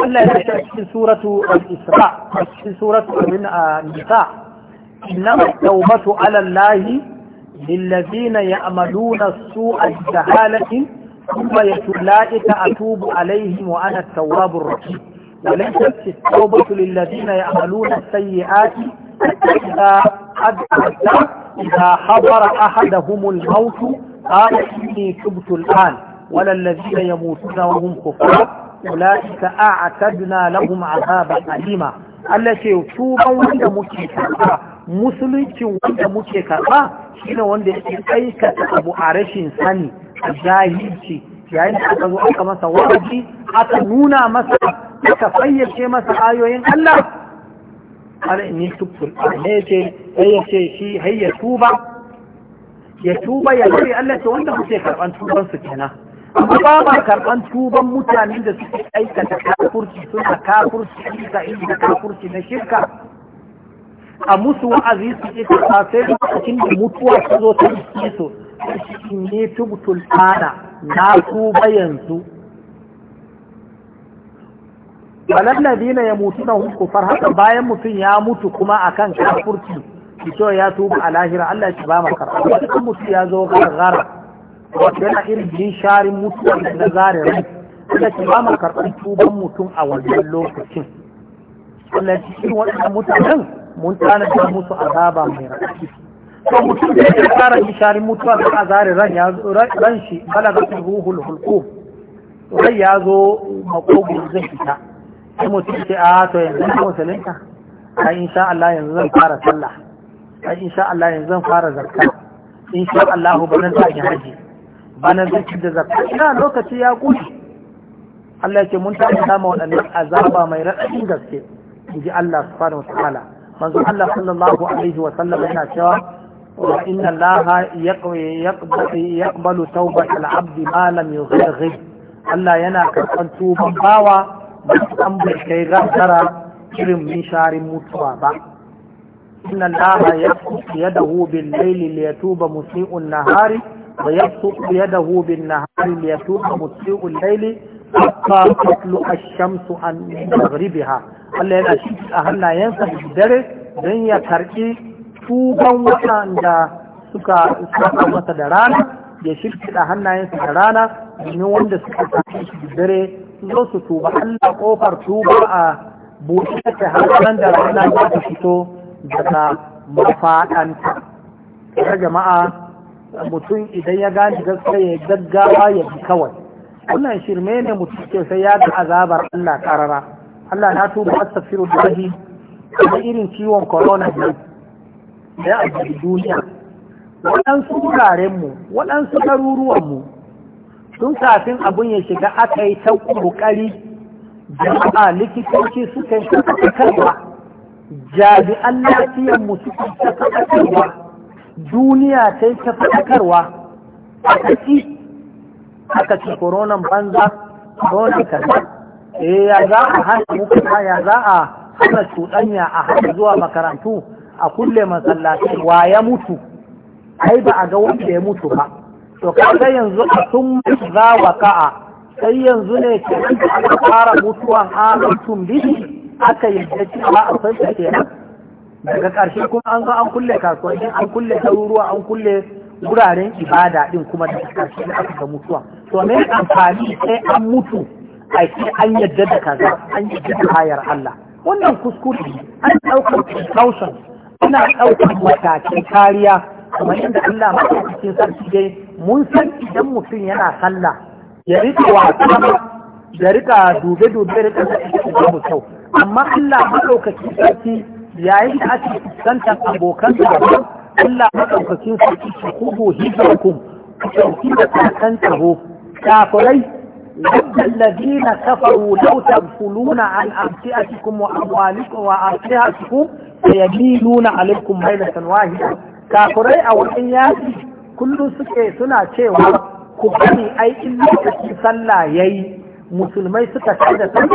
Speaker 1: Allah ya سورة الإسراء suratu سورة من آه، النساء إنما التوبة على الله للذين يعملون السوء بجهالة ثم أولئك أتوب عليهم وأنا التواب الرحيم وليست التوبة للذين يعملون السيئات إذا حتى إذا حضر أحدهم الموت قال إني تبت الآن ولا الذين يموتون وهم كفار ulaika a'tadna lahum azaba alima Allah ce tuban wanda muke karba musuluncin wanda muke karba shine wanda yake aikata abu arashin sani a jahilci yayin da aka zo aka masa wajibi aka nuna masa aka fayyace masa ayoyin Allah ala inni tubtul ne ce ce shi hayya tuba ya tuba ya ce Allah ce wanda muke karban tuban su kenan ba ma karɓan tuban mutanen da suke aikata kafurci suna kafurci isa inda kafurci na shirka a musu wa'azi su ce ta sai lokacin da mutuwa ta zo ta iske su cikin ne tubtul tana na tuba yanzu dina ya mutu na kufar haka bayan mutum ya mutu kuma akan kafurci to ya tuba a lahira Allah ya ba ma karɓa mutum ya zo gargara wato yana irin jin sharin mutuwar da na zare rai da ke ba ma karɓar tuban mutum a wannan lokacin wannan cikin waɗannan mutanen mun tanada musu azaba mai raɗaɗi to mutum da ya fara jin sharin mutuwar da a zare ran ya ran shi balaga ruhul hulqum rai ya zo makogo zai fita sai mutum ce a to yanzu na musulunta ai insha Allah yanzu zan fara sallah ai insha Allah yanzu zan fara zakka insha Allah ba zan tafi haji bana zai da zakka na lokaci ya kuce Allah yake mun taɓa dama waɗannan azaba mai raɗaɗin gaske in ji Allah subhanahu wa ta'ala manzo Allah sallallahu alaihi wa sallam yana cewa wa inna Allah yaqbalu tawbata al-abd ma lam yughayyir Allah yana karɓar tuban bawa ba san bai kai gafara irin misharin mutuwa ba inna Allah yaqbalu yadahu bil layli liyatuba musii'un nahari ويبسط يده بالنهار ليتوب مسيء الليل حتى تطلع الشمس عن مغربها Allah yana ciki a hannayensa da dare don ya karɓi tuban waɗanda suka saka masa da rana ya shirkiɗa hannayensa da rana domin wanda suka saka shi da su tuba Allah ƙofar tuba a buɗe ta har da rana za ta fito daga mafaɗanta. na jama'a mutum idan ya gane gaskiya ya gaggawa ya bi kawai wannan shirme ne mutum ke sai ya ga azabar Allah karara Allah na tuba astaghfiru billahi da irin ciwon corona ne da a duniya waɗansu wuraren mu waɗansu garuruwan mu tun kafin abun ya shiga aka yi ta ƙoƙari jama'a likitoci suka yi ta jami'an lafiyar mu suka yi ta duniya ta yi ta fadakarwa aka ci koronan banza koronan kaza E, ya za a hana mukuta ya za a hana cuɗanya a hana zuwa makarantu a kulle masallaci wa ya mutu ai ba a ga wanda ya mutu ba to kaga yanzu a sun za wa ka'a sai yanzu ne ke fara mutuwan mutum bishi aka yi da cewa akwai kenan daga ƙarshe kuma an zo an kulle kasuwanci, an kulle ɗaruruwa an kulle wuraren ibada ɗin kuma da ƙarshe da aka mutuwa to me amfani sai an mutu a ce an yadda da kaza an yadda da hayar Allah wannan kuskure an ɗaukar precaution ana ɗaukar matakin kariya kamar yadda Allah maɗaukakin sarki dai mun san idan mutum yana sallah ya rika wasa ya rika dube-dube rika da ake da mu kyau amma Allah maɗaukakin sarki yayin da ake santan abokan gaba Allah madaukakin sarki ki kubo hijrakum ki da kan tsaro kafirai الذين كفروا لو ya عن أمتئتكم وأموالكم وأرسلتكم فيميلون عليكم ميلة واحدة كافري أو إياك كل سكي سنة شيوا كفري أي إلا تكي يي مسلمي سكة سنة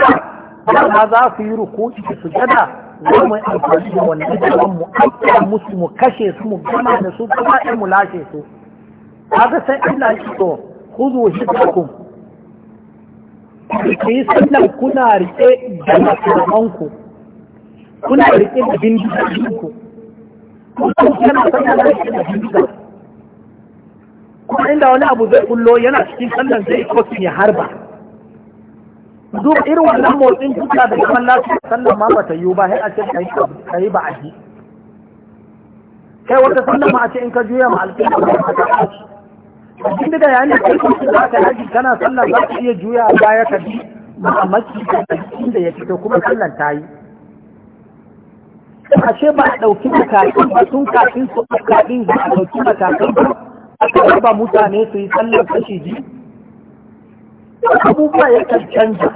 Speaker 1: ma za su yi rukuki su sujada za mu yi amfani da wani ajiyar mu aika musu mu kashe su mu gama da su kuma ɗin mu lashe su kaga sai Allah shi to shi ta ku yi sallan kuna riƙe da makamanku kuna riƙe da bindigoginku kuma yana sallan riƙe da bindigar kuma inda wani abu zai kullo yana cikin sallan zai kokin ya harba duk irin wannan motsin kuka da zaman lafiya sannan ma ba ta yiwu ba sai a ce ka yi ba a ji kai wata sannan ma a ce in ka juya ma alƙiyar ba ta daga yayin da kai kuma za ka yaji kana sannan za ka iya juya baya ka bi mamaki da jikin da ya fito kuma sannan ta yi ashe ba a ɗauki matakan ba sun kafin su ɗauka ɗin ba a ɗauki matakan ba aka raba mutane su yi sallan kashi biyu abubuwa ya canja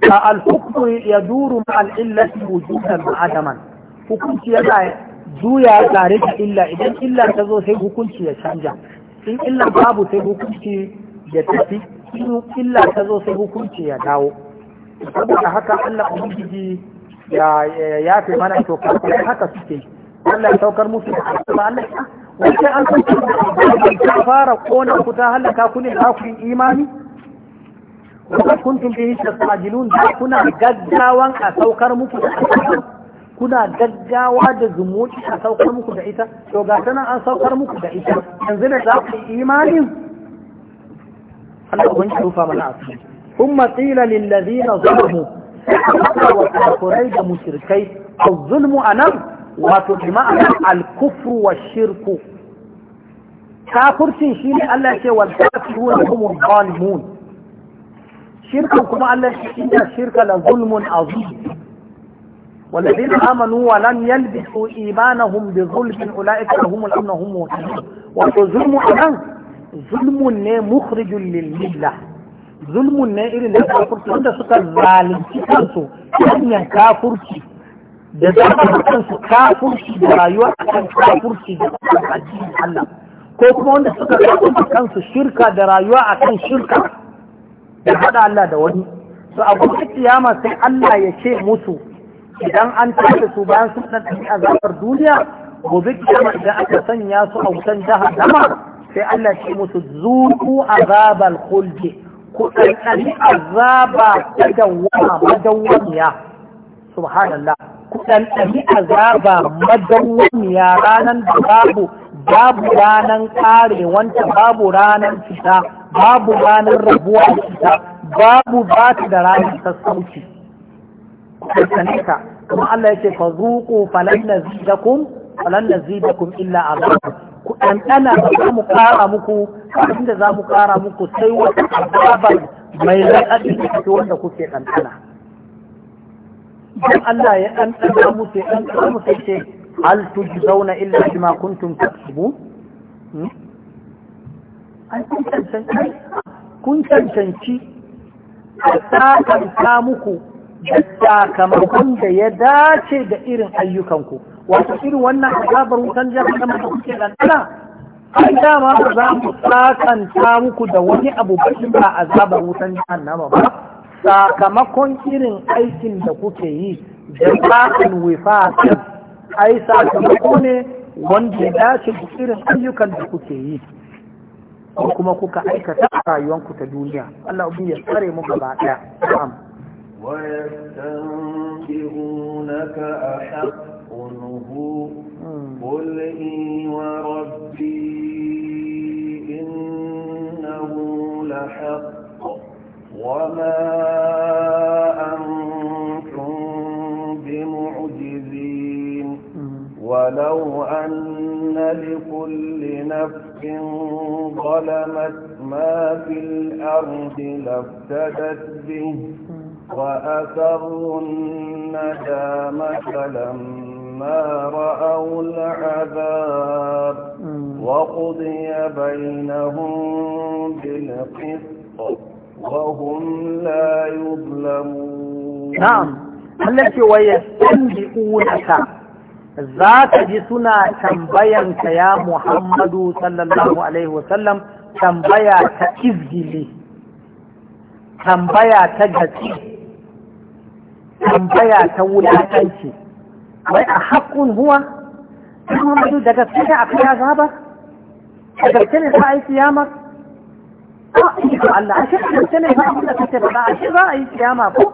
Speaker 1: ka alhukmu ya duru ma al'illati wujudan adaman hukunci yana juya tare da illa idan illa ta zo sai hukunci ya canja in illa babu sai hukunci ya tafi in illa ta zo sai hukunci ya dawo saboda haka Allah ubangiji ya ya fi mana to haka suke Allah ya saukar musu da Allah wace an san ta fara kona ku ta halaka ku ne za ku yi imani wa kuntum bihi da kuna gaggawan a saukar muku da kuna gaggawa da zumuci a saukar muku da ita to ga sanan an saukar muku da ita yanzu ne za ku yi imanin Allah ubangi rufa mana asiri kuma qila lil ladina zalamu wa kafirai da mushrikai az-zulmu anan وتجمعنا الكفر والشرك كافرتين شيء الله يشير والكافرون هم الظالمون شرك كما الله يشير شرك لظلم عظيم والذين آمنوا ولم يلبسوا إيمانهم بظلم أولئك هم الأمن هم وظلم أمن ظلم مخرج للملة ظلم نائر لكافرتين هذا سكر ظالم كافرتين da za su kansu kafurci da rayuwa a kan kafurci da addinin Allah ko kuma wanda suka kafa kansu shirka da rayuwa a kan shirka da haɗa Allah da wani to a gobe kiyama sai Allah ya ce musu idan an tafi su bayan sun dan tafi azabar duniya gobe kiyama idan aka sanya su a wutan jahannama sai Allah ya ce musu zuku azabal khuldi ku ɗanɗani azaba ta dawwama madawwamiya subhanallah ku a zaba, madawwamiya ranar da babu babu ranar kare wanta babu ranar fita babu ranar rabuwa fita babu ba ta da ranar sassauci sassane ka kuma Allah ya ce fa zuku falan nazidakum falan nazidakum illa azab ku ɗanɗana ba za mu kara muku abinda za mu kara muku sai wata azabar mai raɗaɗi wanda kuke ɗanɗana dan Allah ya dan dan musu dan dan musu ce hal tujzauna illa bima kuntum taksubun hmm? an kun cancanci kun cancanci a sakanta muku da sakamakon da ya dace da irin ayyukanku wato irin wannan azabar wutan jahannama da kuke ɗanɗana an dama ba za mu sakanta muku da wani abu ba ba azabar wutan jahannama ba sakamakon irin aikin da kuke yi jama'an wifasan ai sakamako ne wanda ya dace da irin ayyukan da kuke yi ko kuma kuka aikata a rayuwanku ta duniya Allah ubi ya tsare mu gaba ɗaya am
Speaker 2: wa yastanbihunaka in وما بمعجزين ولو أن لكل نفس ظلمت ما في الأرض لافتدت به وأثروا الندامة لما رأوا العذاب وقضي بينهم بالقسط وهم لا يظلمون نعم Allah ce wa ya sanji
Speaker 1: unaka za ka ji suna tambayanka ya Muhammadu sallallahu Alaihi wasallam tambaya ta izgili, tambaya ta gaci, tambaya ta wulatanci, wai a huwa, Muhammadu daga da gaske ne Allah ashe da ne ba abin da kace ba za a yi kiyama ko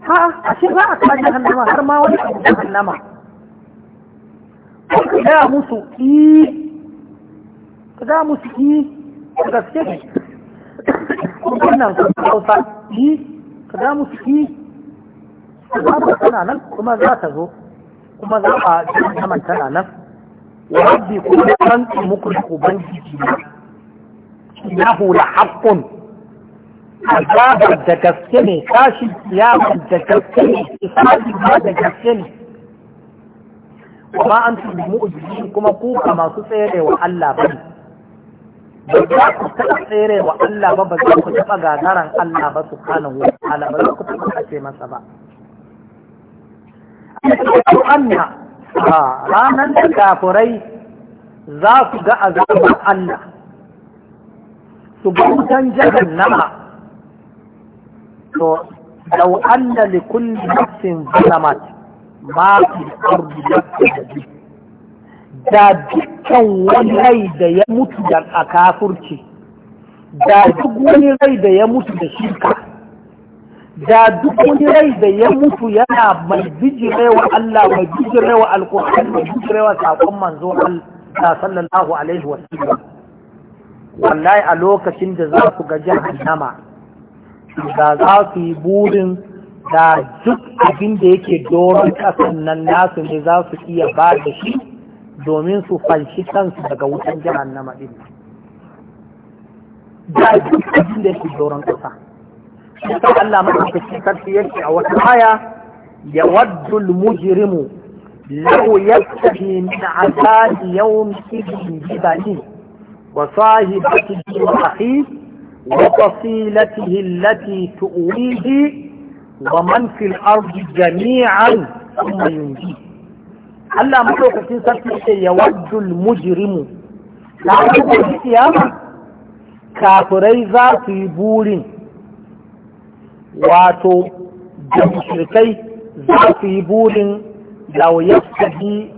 Speaker 1: ha ashe za a kaji jahannama har ma wani abu jahannama ka ga musu i ka ga musu i ka gaske ne wannan hausa i ka ga musu i
Speaker 2: ka tana nan
Speaker 1: kuma za ta zo kuma za a jahannama tana nan
Speaker 2: wa rabbi kuma ɗan
Speaker 1: muku ubangiji ne innahu la haqqun
Speaker 2: azabar da
Speaker 1: gaske ne ya kiyama da gaske ne isabi ma da gaske ne kuma an tuɗi mu'ujiji kuma kuka masu tsere wa Allah ba ba za ku taɓa tsere Allah ba ba za ku taɓa gagaran Allah ba su kana wa ta'ala ba za ku taɓa masa ba ko anna ranar da kafurai za ku ga azabar Allah su ba wutan to لو أن لكل نفس ظلمت ما في الأرض لفسدت da dukkan wani rai da ya mutu da a kafurci da duk wani rai da ya mutu da shirka da duk wani rai da ya mutu yana mai bijirewa Allah mai bijirewa alkur'ani mai bijirewa sakon manzo Allah sallallahu alaihi wasallam wallahi a lokacin da za su ga jahannama da za su yi burin da duk abin da yake doron kasan nan nasu ne za su iya ba da shi domin su fanshi kansu daga wutan jahannama din da duk abin da yake doron kasa shi ta Allah madaukakin karfi yake a wata haya ya al-mujrimu لو yastahi min 'adabi yawm idhin وصاحبته الأخيه وفصيلته التي تؤويه ومن في الأرض جميعا ثم ينجيه ألا مرة في سفيه يود المجرم لا أعلم بسيامة كافريزا في بور واتو جمشركي ذا في بور لو يفتدي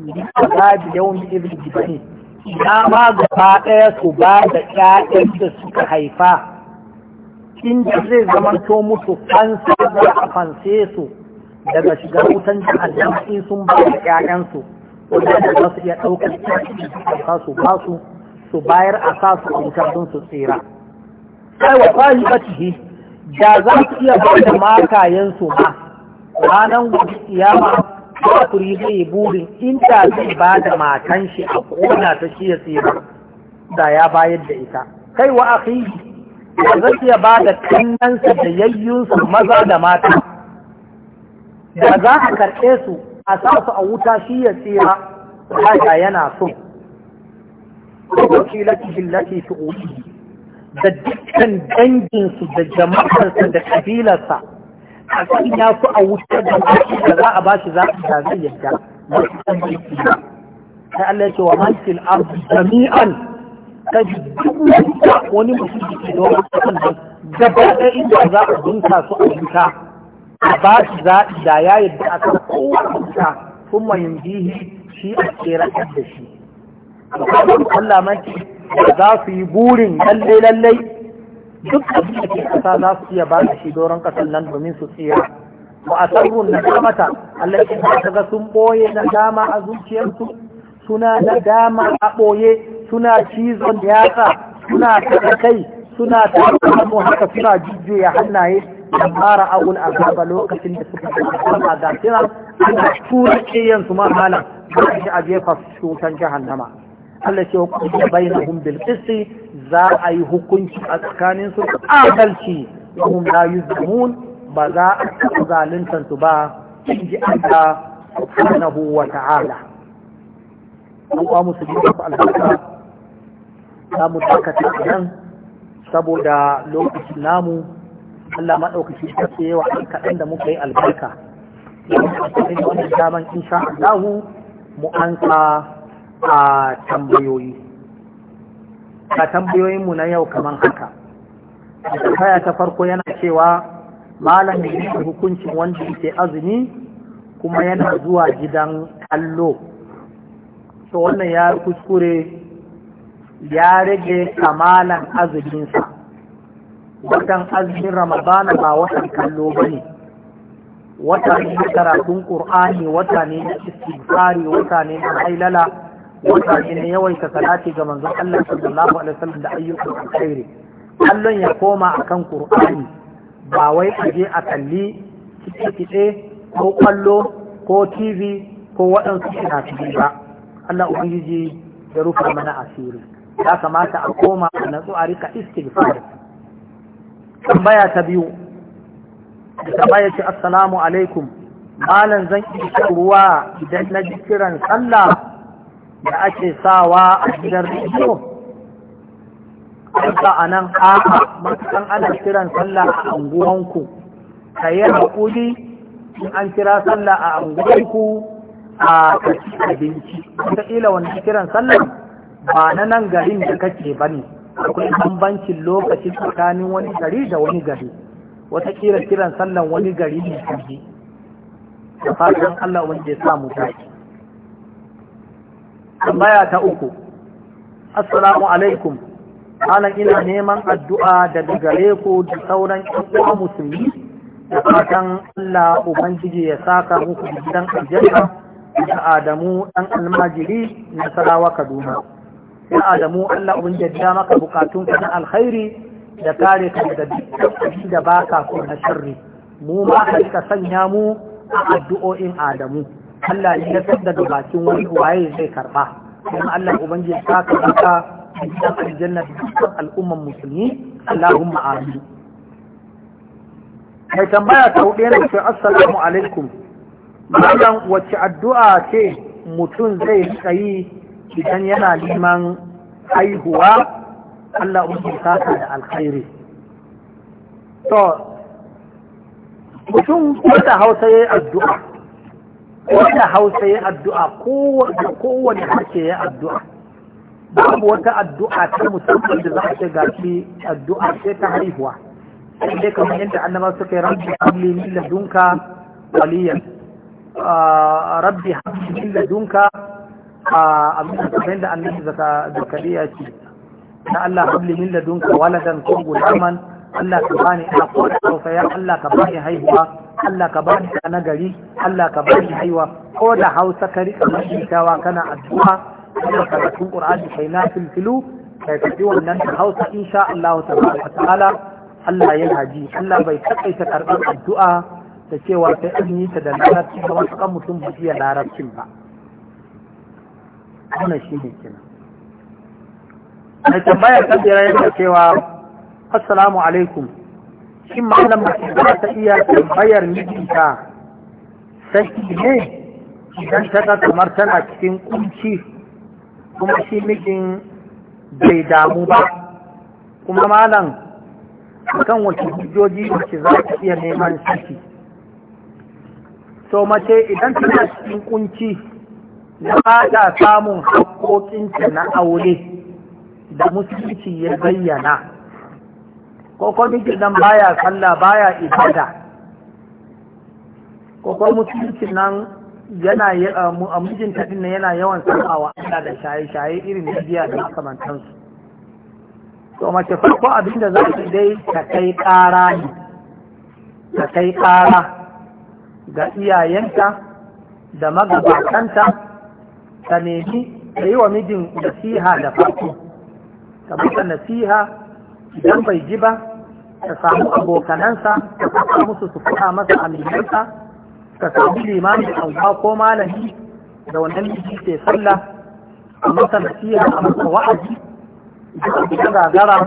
Speaker 1: لأداد يوم إذن جبنيه ina ma gaba ɗaya su ba da ƴaƴan da suka haifa inda zai zama to musu fansa za a fanse su daga shiga wutan jihar in sun ba da ƴaƴansu wanda da za su iya ɗaukar ƴaƴan su ba su su bayar a sa su a wutar don su tsira sai wa fahimtaci da za su iya ba da makayensu ma ranar gudu kiyama kafiri zai burin inda zai ba da matan shi a kona ta shi ya tsira da ya bayar da ita kai wa akhi zai iya ba da kannansa da yayyunsa maza da mata da za a karɓe su a sa su a wuta shi ya tsira haka yana so laki billati tu'ubi da dukkan danginsu da jama'arsa da kabilarsa a ya fi a wutar da mashi da za a ba shi za a zai yadda masu aiki sai Allah ya ce wa man fil ardi
Speaker 2: jami'an
Speaker 1: kaji duk wani mutum da ke da wani kasan nan gaba ɗaya inda za a dunka su a wuta a ba shi zaɓi da ya yadda a kan kowace wuta sun ma yanzihi shi a kera da shi. Allah man za su yi burin lallai lallai duk abin da ke kasa za su iya ba shi doron kasan nan domin su tsira wa asarrun na Allah ya ta ga sun boye na dama a zuciyarsu suna na dama a boye suna cizon yatsa suna ta kai suna ta hannu haka suna jujjuya hannaye da fara a azaba lokacin da suka fara a gasira ana tura kiyansu ma malam ba shi a jefa su jihar nama. Allah ce hukunci bainahum bil qisti za a yi hukunci a tsakanin su adalci hum la yuzmun ba za a zaluntan su ba inji Allah subhanahu wa ta'ala Allah musulmi ba albarka za mu dakata nan saboda lokacin namu Allah shi ta ce kaɗan da muka yi albarka. Yanzu a cikin wannan insha Allahu mu ansa a tambayoyi a tambayoyinmu na yau kamar haka tambaya ta farko yana cewa malam ne hukuncin wanda yake azumi kuma yana zuwa gidan kallo to wannan ya kuskure ya rage kamalan azuminsa watan azumin ramadana ba watan kallo ba ne wata ne karatun ƙur'ani wata ne na istighfari wata ne na hailala wanda shi ne yawaita salati ga manzon Allah sallallahu alaihi wasallam da ayyukan alkhairi kallon ya koma akan qur'ani ba wai a je a kalli kiɗe ko kwallo ko tv ko waɗansu shirafi ba Allah ubangiji ya rufa mana asiri ya kamata a koma a natsu a rika istighfar tambaya ta biyu tambaya ce assalamu alaikum malam zan iya ruwa idan na ji kiran sallah da ake sawa a gidan rediyo a nan a'a matakan ana kiran sallah a anguwanku ka yi haƙuri in an kira sallah a anguwanku a kaci abinci wataƙila wani kiran sallah ba na nan garin da kake ba ne akwai bambancin lokaci tsakanin wani gari da wani gari wataƙila kiran sallah wani gari ne kaji da fatan Allah wanda ya sa mu tafi. tambaya ta uku assalamu alaikum malam ina neman addu'a da gare ku da sauran ƴan musulmi da fatan Allah ubangiji ya saka muku gidan aljanna da Adamu dan almajiri na Sarawa Kaduna sai Adamu Allah ubangiji ya maka bukatun ka na alkhairi da kare ka daga dukkan da baka ko na sharri mu ma ka sanya mu addu'o'in Adamu Allah ya san daga bakin wani waye zai karba kuma Allah ubangiji ya ka baka cikin aljanna dukkan al'umman musulmi Allahumma amin mai tambaya ta hudu yana ce assalamu alaikum malam wacce addu'a ce mutum zai tsayi idan yana liman haihuwa Allah ubangiji ya ka da alkhairi to mutum wata hausa ya yi addu'a wata hausa ya addu'a kowane harshe ya addu'a babu wata addu'a ta musamman da za a ce ga shi addu'a ce ta haihuwa sai dai kamar yadda annaba suka yi rabbi hamli min dunka waliyan ah, rabbi hamli habli dunka a ah, abin da yadda annabi zakariya ce na Allah hamli min dunka waladan ko zaman Allah ka bani ina kore tausaya Allah ka bani haihuwa Allah ka bani ka nagari Allah ka bani haihuwa ko da Hausa ka rika mashitawa kana addu'a kana karatun ƙur'ani kai na filfilu kai ka ji wannan da Hausa insha Allah tabaraka ta'ala Allah ya haji Allah bai takaita karɓar addu'a da cewa sai an yi ta da larabci ba wasu kan mutum ba iya larabcin ba wannan shi ne kenan mai tambaya kan jira yana cewa assalamu alaikum shin malam mace za ta iya tambayar mijinta saki ne idan ta ga kamar tana cikin kunci kuma shi mijin bai damu ba kuma malam kan wace hujjoji wace za ta iya neman saki So mace idan tana cikin kunci na ba samun haƙoƙinta na aure da musulunci ya bayyana ko ko mijin nan baya salla baya ibada ko ko mutuncin nan yana a mijin ta nan yana yawan sakawa Allah da shaye-shaye irin jiya da makamantansu to mace farko abinda za su dai ta kai ƙara ne ta kai kara ga iyayenta da magabatanta ta nemi ta yi wa mijin nasiha da farko ta masa nasiha idan bai ji ba ka samu abokanansa ka faɗa musu su faɗa masa aminansa ka samu limamin alba ko malami da wannan biki ke sallah a masa nasiya a masa wa'azi da abu gagara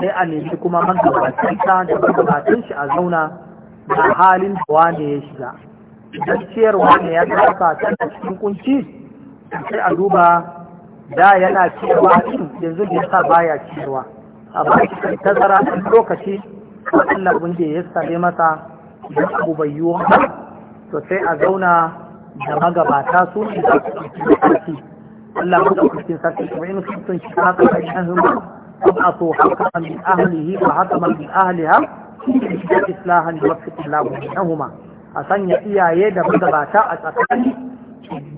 Speaker 1: sai a nemi kuma man gabatinsa da gabatin shi a zauna da halin da wane ya shiga idan ciyarwa ne ya ɗauka ta cikin kunci sai a duba da yana ciyarwa yanzu da yasa baya ciyarwa a bakin tazara a lokaci Allah bunje ya sare masa da abu bai yiwu to sai a zauna da magabata su ne da sarki Allah mu daukakin sarki kuma in kun sun shiga haka kai an a abu haka min ahlihi wa haka min ahliha da islahan wa fitillahu minhuma a sanya iyaye da magabata a tsakani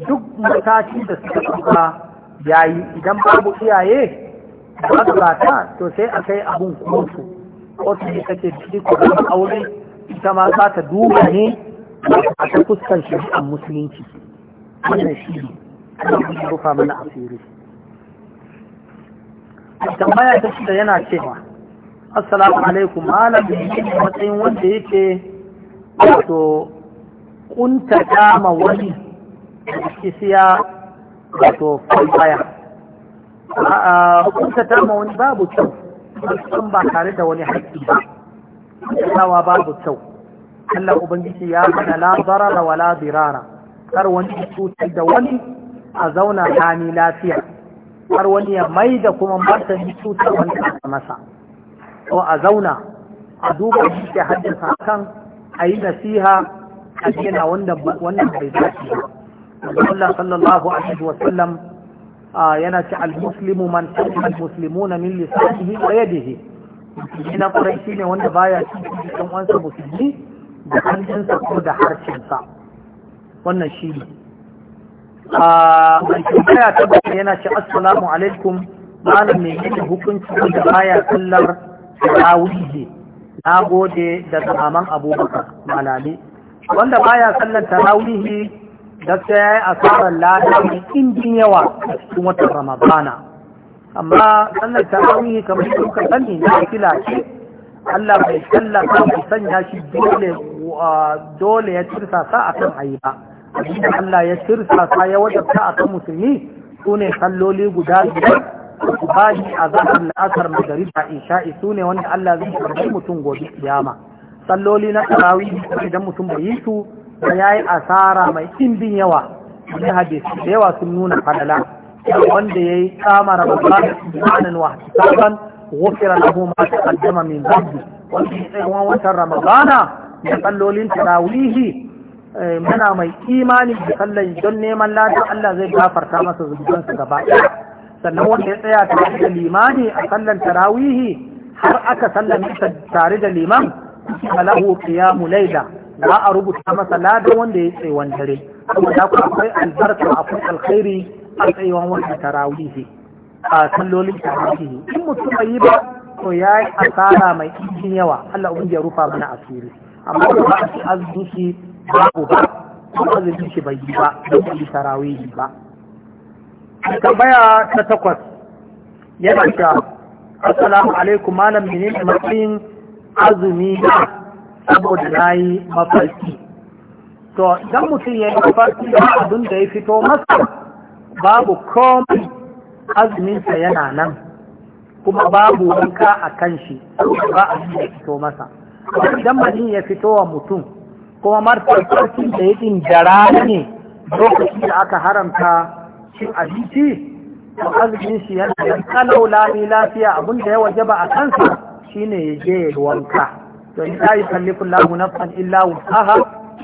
Speaker 1: duk matakin da suka tsaka yayi idan babu iyaye ta, to sai a kai abun kotu kotu ne kake ciki ko aure ita ma za ta duba ne a ta fuskan shari'ar musulunci wannan shi ne ana rufa mana asiri tambaya ta shida yana cewa assalamu alaikum malam matsayin wanda yake wato kunta dama wani da kisiya wato falbaya hukunta ta wani babu kyau musamman ba tare da wani haƙi ba kuntatawa babu kyau Allah Ubangiji ya hana la zarara wa la zirara kar wani cutar da wani a zauna hani lafiya kar wani ya mai da kuma martani cutar wani a masa ko a zauna a duba shi ke haddasa kan a yi nasiha a gina wannan bai dace ba Allah sallallahu alaihi wa sallam yana ci al-muslimu man tajma al-muslimuna min lisanihi wa yadihi ina kurai ne wanda baya ci dan uwansa musulmi da hannunsa ko da sa wannan shi ne a tambaya ta bayan yana ci assalamu alaikum
Speaker 2: malam mai yake
Speaker 1: hukunci wanda baya sallar tarawihi na gode da maman abubakar malami wanda baya sallar tarawihi Dakta ya yi asarar lada mai jin yawa a cikin watan ramadana amma sannan tarihi kamar yadda kuka sani na fila ce Allah bai tallata bai sanya shi dole ya cirsa sa a kan ayi ba abinda Allah ya cirsa sa ya wajabta a kan musulmi su ne kalloli guda biyar su ba shi a zafin la'asar magariba isha'i su ne wanda Allah zai karbi mutum gobe kiyama salloli na tarawih idan mutum bai yi su da ya yi asara mai ɗimbin yawa wani hadisi da yawa sun nuna falala wanda ya yi kamara babban imanin wa tsaban wofira na goma ta kaddama min zambi wanda ya tsawon watan ramadana da tsallolin tarawihi mana eh, mai imani da sallan don neman ladan Allah zai gafarta masa zubansa gaba sannan wanda ya tsaya tare da limani a kallon tarawihi har aka sallan tare da liman alahu qiyamu laila za a rubuta masa ladan wanda ya tsaiwan dare kuma da ku akwai albarka akwai alkhairi a tsaiwan wani tarawihi a kallolin tarawihi in mutum bai yi ba to ya yi asara mai cikin yawa Allah ubin ya rufa mana asiri amma ba a ci azumi shi ku ba ko azumi shi bai yi ba da yi tarawihi ba tambaya ta takwas yana cewa assalamu alaikum malam menene matsayin azumi saboda na yi mafarki to don mutum ya yi mafarki da abin da ya fito masa babu komai azuminsa yana nan kuma babu wanka a kan shi ba abin da ya fito masa idan mani ya fito wa mutum kuma mafarki da ya ɗin jara ne lokaci da aka haramta cin abinci to azumin shi yana da kalau lafiya abin da ya waje ba a kansa shine ya je wanka domin la yukallifu Allahu nafsan illa wusaha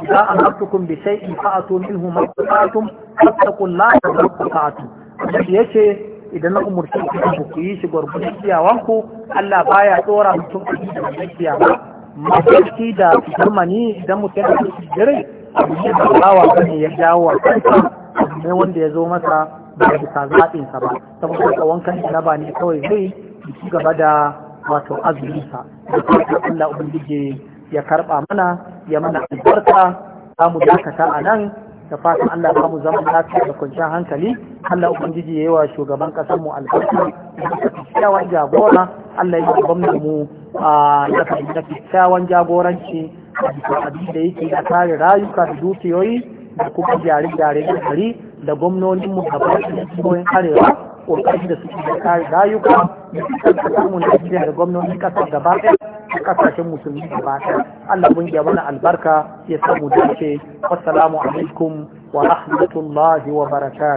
Speaker 1: idza amartukum bi shay'in fa'atu minhu ma tata'tum fattaqullaha ma tata'tum annabi yace idan na umurci ku ku yi shi gurgurun kiyawanku Allah baya tsora mutum a cikin kiyawa mafarki da turmani idan mutum da jirai abu ne da bawa bane ya jawo a kansa abu ne wanda ya zo masa ba bisa zaɓinsa ba saboda wankan jaraba ni kawai zai ci gaba da wato azuminsa da kuma Allah ubangiji ya karba mana ya mana albarka za mu dakata a nan da fatan Allah kamu mu zama lafiya da kwanciyar hankali Allah ubangiji ya yi wa shugaban kasar mu albarka da kyakkyawan jagora Allah ya yi gwamnan mu da kyakkyawan jagoranci a bisa abin da yake da kare rayuka da dukiyoyi da kuma gyare-gyare da gari da gwamnoninmu da bakin arewa kokari da suke da kare rayuka da suke da samun da gwamnonin kasar gaba ɗaya da kasashen musulmi gaba ɗaya Allah mun ya mana albarka ya samu dace wassalamu alaikum wa rahmatullahi wa barakatuh